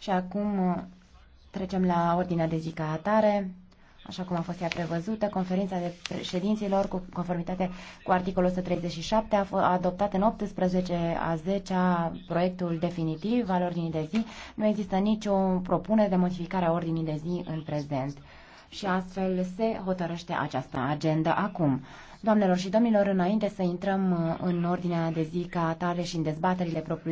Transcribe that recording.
Și acum uh, trecem la ordinea de zi ca atare. Așa cum a fost ea prevăzută, conferința de președinților, cu conformitate cu articolul 137, a, fost adoptat în 18 a 10 -a proiectul definitiv al ordinii de zi. Nu există nicio propunere de modificare a ordinii de zi în prezent. Și astfel se hotărăște această agenda acum. Doamnelor și domnilor, înainte să intrăm uh, în ordinea de zi ca atare și în dezbaterile propriu